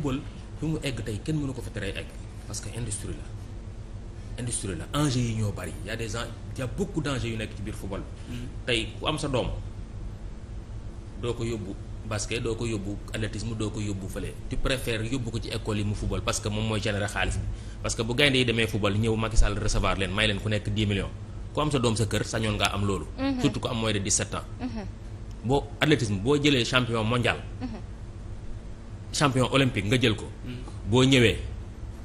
football fi mu egg tey kenn mënu ko fa teree egg parce que industrie la industrie la enjeux yi ñoo bari y a des en y a beaucoup d'enjeux yu nekk ci biir football mm. tey ku am sa doom doo ko yóbbu basket doo ko yóbbu athlétisme doo ko yóbbu fële tu préfères yóbbu ko ci école yi mu football parce que moom mooy générer xaalis bi parce que bu gaynde yi demee football ñëw Macky Sall leen may leen ku nekk 10 millions ku am sa doom sa kër sañoon ngaa am loolu mm-hmm. surtout ku am moins de 17 champion olympique nga jël ko. Mm. boo ñëwee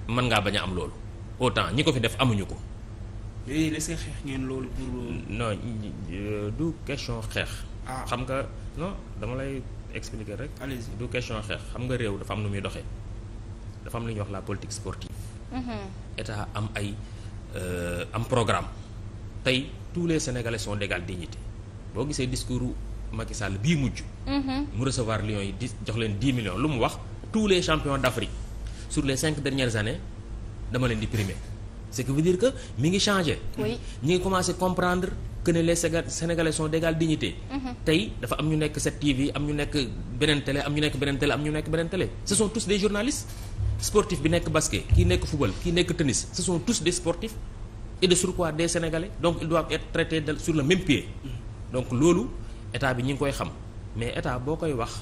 man ngaa bañ a am loolu. autant ñi ko fi def amuñu ko. léegi loolu pour. non euh, du question xeex. Ah. xam nga dama lay expliquer rek. du question xeex xam nga réew dafa am nu muy doxee. dafa am lu ñuy wax la politique sportive. Mm-hmm. état am ay euh, am programme. tey tous les sénégalais sont d'égale dignité boo gisee discours. Macky Sall bii mujj. Mhm. mu recevoir Lions yi di jox leen dix millions lu mu wax tous les champions sur les cinq dernières années dama leen di primer ce qui veut dire que mi ngi changé. ñi ngi commencé comprendre que ne les Sénégalais sont d'égale dignité. Mhm. tey dafa am ñu nekk 7TV am ñu nekk beneen télé am ñu nekk beneen télé am ñu nekk beneen télé ce sont tous des journalistes. sportif bi nekk basket kii nekk football kii nekk tennis ce sont état bi ñi ngi koy xam mais état boo koy wax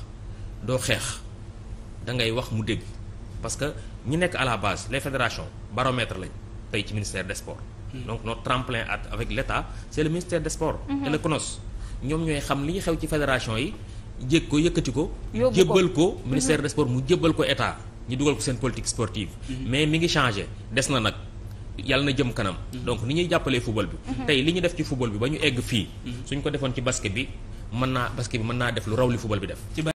doo xeex da ngay wax mu dégg parce que ñi nekk à la base les fédération baromètre lañ tey ci ministère des sports. Hmm. donc notre tremplin at avec l' état c' est le ministère des sports. Hmm. et le CNOS ñoom ñooy xam li ñu xew ci fédération yi jég ko yëkkati ko. jébbal ko hmm. ministère de sports mu jébbal ko état ñu dugal ko seen politique sportive. mais mi ngi changé des na nag. yàlla na jëm kanam. donc ni ñuy jàppalee football bi. tey li def ci football bi ba ñu egg fii. suñ ko defoon ci basket bi mën naa basket bi mën naa def lu raw li football bi def.